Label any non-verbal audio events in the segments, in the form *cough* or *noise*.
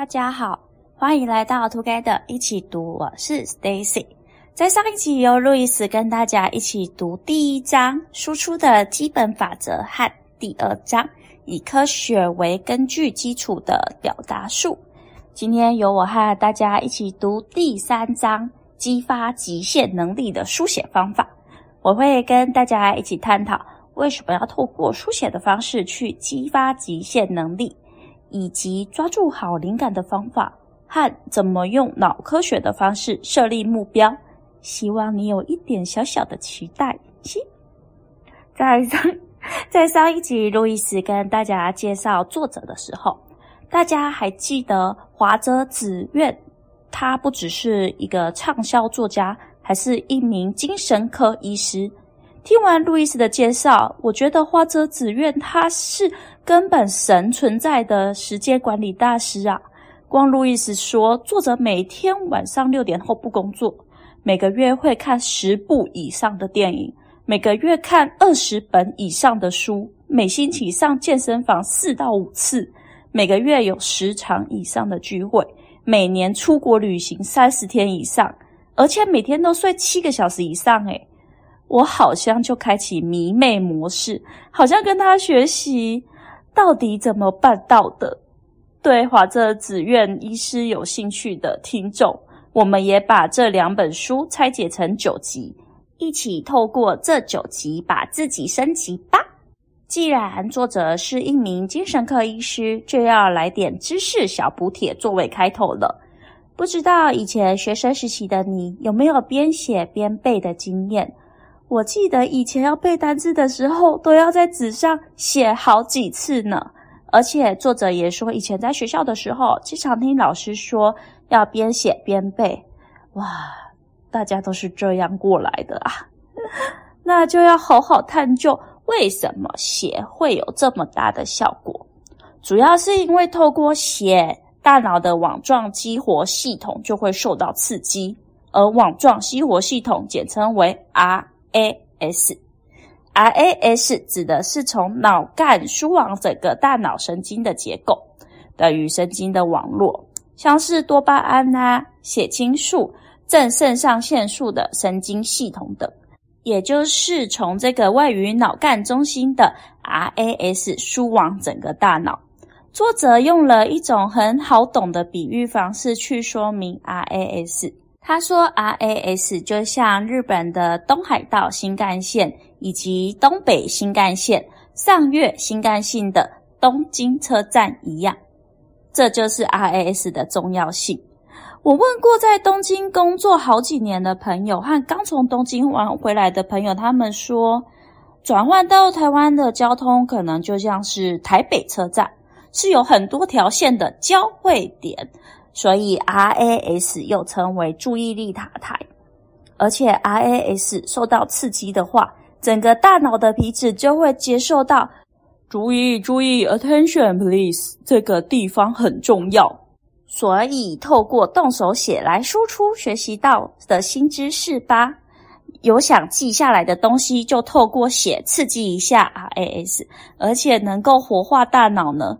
大家好，歡迎來到 Together，一起讀。我是 Stacy。在上一集由 Leiws 跟大家一起讀第一章輸出的基本法則和第二章以科學為根據基礎的表達術。今天由我和大家一起讀第三章激發極限能力的書寫方法。我會跟大家一起探討為什麼要透過書寫的方式去激發極限能力。以及抓住好靈感的方法，和怎麼用腦科學的方式設立目標，希望你有一點小小的期待。在上，在上一集路易斯跟大家介紹作者的時候，大家還記得樺澤紫苑，他不只是一個暢銷作家，還是一名精神科醫師。聽完路易斯的介紹，我覺得樺澤紫苑他是根本神存在的時間管理大師啊！光路易斯說，作者每天晚上六點後不工作，每個月會看十部以上的電影，每個月看二十本以上的書，每星期上健身房四到五次，每個月有十場以上的聚會，每年出國旅行三十天以上，而且每天都睡七個小時以上，欸，誒我好像就開啟迷妹模式，好像跟他學習到底怎麼辦到的。對樺澤紫苑醫師有興趣的聽眾，我們也把這兩本書拆解成九集，一起透過這九集把自己升級吧。既然作者是一名精神科醫師，就要來點知識小補帖作為開頭了。不知道以前學生時期的你有沒有邊寫邊背的經驗？我記得以前要背單字的時候，都要在紙上寫好幾次呢。而且作者也說，以前在學校的時候，經常聽老師說要邊寫邊背。哇，大家都是這樣過來的啊！ *laughs* 那就要好好探究為什麼寫會有這麼大的效果。主要是因為透過寫，大腦的網狀激活系統就會受到刺激，而網狀激活系統簡稱為 R。RAS，RAS 指的是從腦幹輸往整個大腦神經的結構，等於神經的網絡，像是多巴胺吶、啊、血清素、正腎上腺素的神經系統等，也就是從這個位於腦幹中心的 RAS 輸往整個大腦。作者用了一種很好懂的比喻方式去說明 RAS。他說，RAS 就像日本的東海道新幹線以及東北新幹線、上越新幹線的東京車站一樣，這就是 RAS 的重要性。我問過在東京工作好幾年的朋友和剛從東京玩回來的朋友，他們說，轉換到台灣的交通可能就像是台北車站，是有很多條線的交匯點。所以 RAS 又稱為注意力塔台，而且 RAS 受到刺激的話，整個大腦的皮質就會接受到注意注意 Attention please，這個地方很重要。所以透過動手寫來輸出學習到的新知識吧，有想記下來的東西就透過寫刺激一下 RAS，而且能夠活化大腦呢。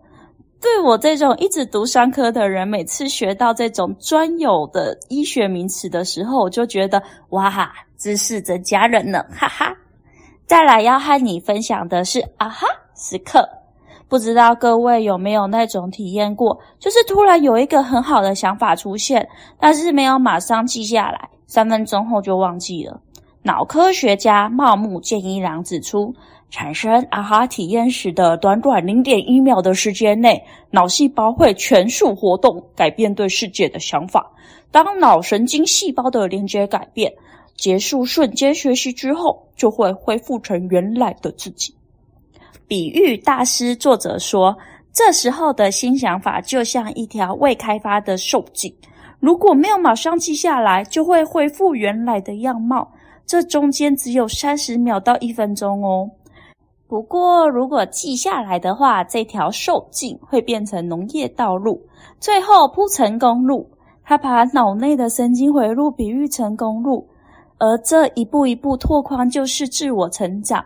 對我這種一直讀商科的人，每次學到這種專有的醫學名詞的時候，我就覺得哇哈，知識增加人了，哈哈。再來要和你分享的是啊哈時刻，不知道各位有沒有那種體驗過，就是突然有一個很好的想法出現，但是沒有馬上記下來，三分鐘後就忘記了。腦科學家茂木健一郎指出。產生“啊哈”體驗時的短短零點一秒的時間內，腦細胞會全速活動，改變對世界的想法。當腦神經細胞的連接改變，結束瞬間學習之後，就會恢復成原來的自己。比喻大師作者說：“這時候的新想法就像一條未開發的獸徑，如果沒有馬上記下來，就會恢復原來的樣貌。這中間只有三十秒到一分鐘哦。”不過，如果記下來的話，這條獸徑會變成農業道路，最後鋪成公路。他把腦內的神經回路比喻成公路，而這一步一步拓寬就是自我成長。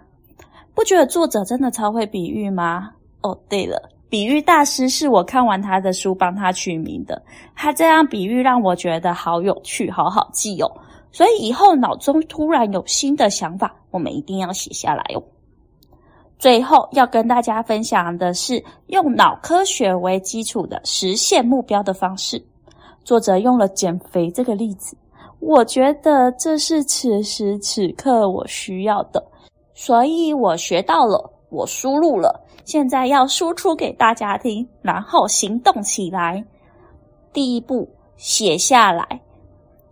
不覺得作者真的超會比喻嗎？哦，對了，比喻大師是我看完他的書幫他取名的。他這樣比喻讓我覺得好有趣、好好記哦。所以以後腦中突然有新的想法，我們一定要寫下來哦。最後要跟大家分享的是，用腦科學為基礎的實現目標的方式。作者用了減肥這個例子，我覺得這是此時此刻我需要的，所以我學到了，我輸入了，現在要輸出給大家聽，然後行動起來。第一步，寫下來。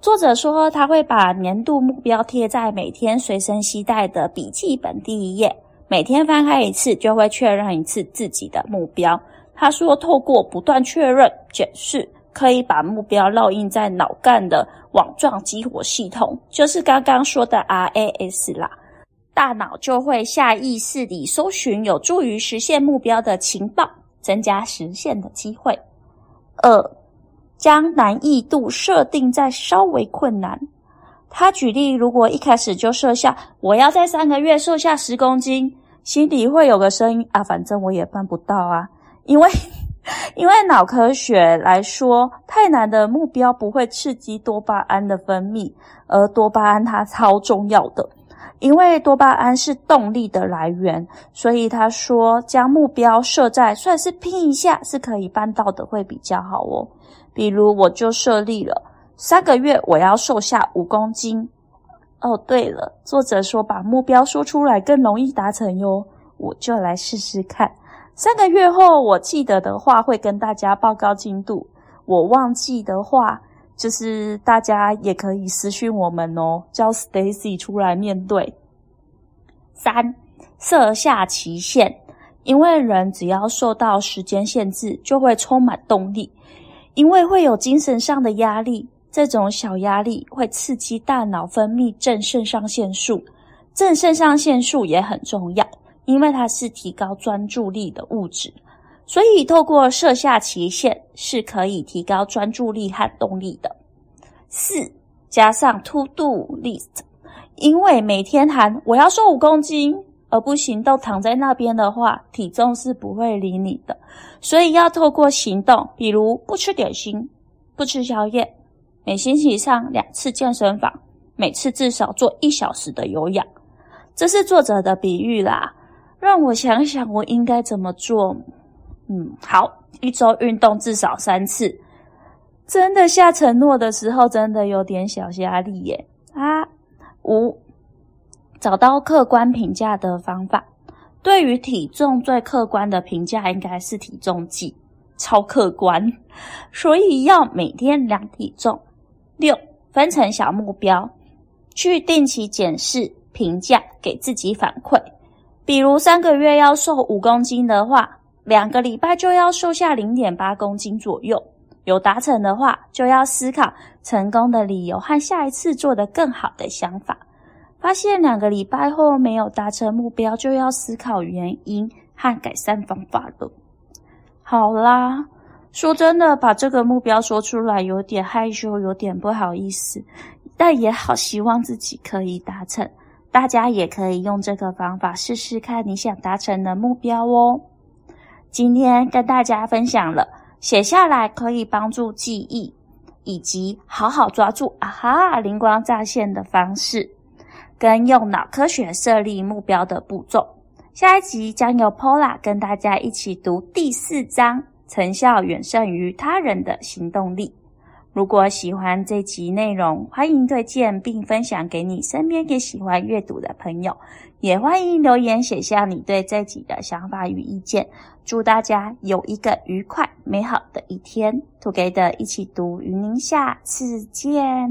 作者說他會把年度目標貼在每天隨身攜帶的筆記本第一頁。每天翻開一次，就會確認一次自己的目標。他說，透過不斷確認檢視，可以把目標烙印在腦幹的網狀激活系統，就是剛剛說的 RAS 啦。大腦就會下意識地搜尋有助於實現目標的情報，增加實現的機會。二、呃，將難易度設定在稍微困難。他舉例，如果一開始就設下我要在三個月瘦下十公斤。心裡會有個聲音啊，反正我也辦不到啊，因為因為腦科學來說，太難的目標不會刺激多巴胺的分泌，而多巴胺它超重要的，因為多巴胺是動力的來源，所以他說，將目標設在算是拼一下是可以辦到的，會比較好哦。比如我就設立了三個月我要瘦下五公斤。哦，對了，作者說把目標說出來更容易達成喲，我就來試試看。三個月後，我記得的話會跟大家報告進度，我忘記的話，就是大家也可以私訊我們哦，叫 Stacy 出來面對。三，設下期限，因為人只要受到時間限制，就會充滿動力，因為會有精神上的壓力。這種小壓力會刺激大腦分泌正腎上腺素，正腎上腺素也很重要，因為它是提高專注力的物質。所以透過設下期限是可以提高專注力和動力的。四加上 To Do List，因為每天喊我要瘦五公斤，而不行動躺在那邊的話，體重是不會理你的。所以要透過行動，比如不吃點心，不吃宵夜。每星期上兩次健身房，每次至少做一小時的有氧。這是作者的比喻啦，讓我想一想我應該怎麼做。嗯，好，一周運動至少三次。真的下承諾的時候，真的有點小壓力耶。啊，五，找到客觀評價的方法。對於體重最客觀的評價應該是體重計，超客觀，所以要每天量體重。六，分成小目標，去定期檢視、評價，給自己反饋。比如三個月要瘦五公斤的話，兩個禮拜就要瘦下零點八公斤左右。有達成的話，就要思考成功的理由和下一次做得更好的想法。發現兩個禮拜後沒有達成目標，就要思考原因和改善方法了。好啦。說真的，把這個目標說出來有點害羞，有點不好意思，但也好希望自己可以達成。大家也可以用這個方法試試看，你想達成的目標哦。今天跟大家分享了，寫下來可以幫助記憶，以及好好抓住啊哈靈光乍現的方式，跟用腦科學設立目標的步驟。下一集將由 Paula 跟大家一起讀第四章。成效遠勝於他人的行動力。如果喜歡這集內容，歡迎推薦並分享給你身邊也喜歡閱讀的朋友，也歡迎留言寫下你對這集的想法與意見。祝大家有一個愉快美好的一天！Together，一起讀，與您下次見。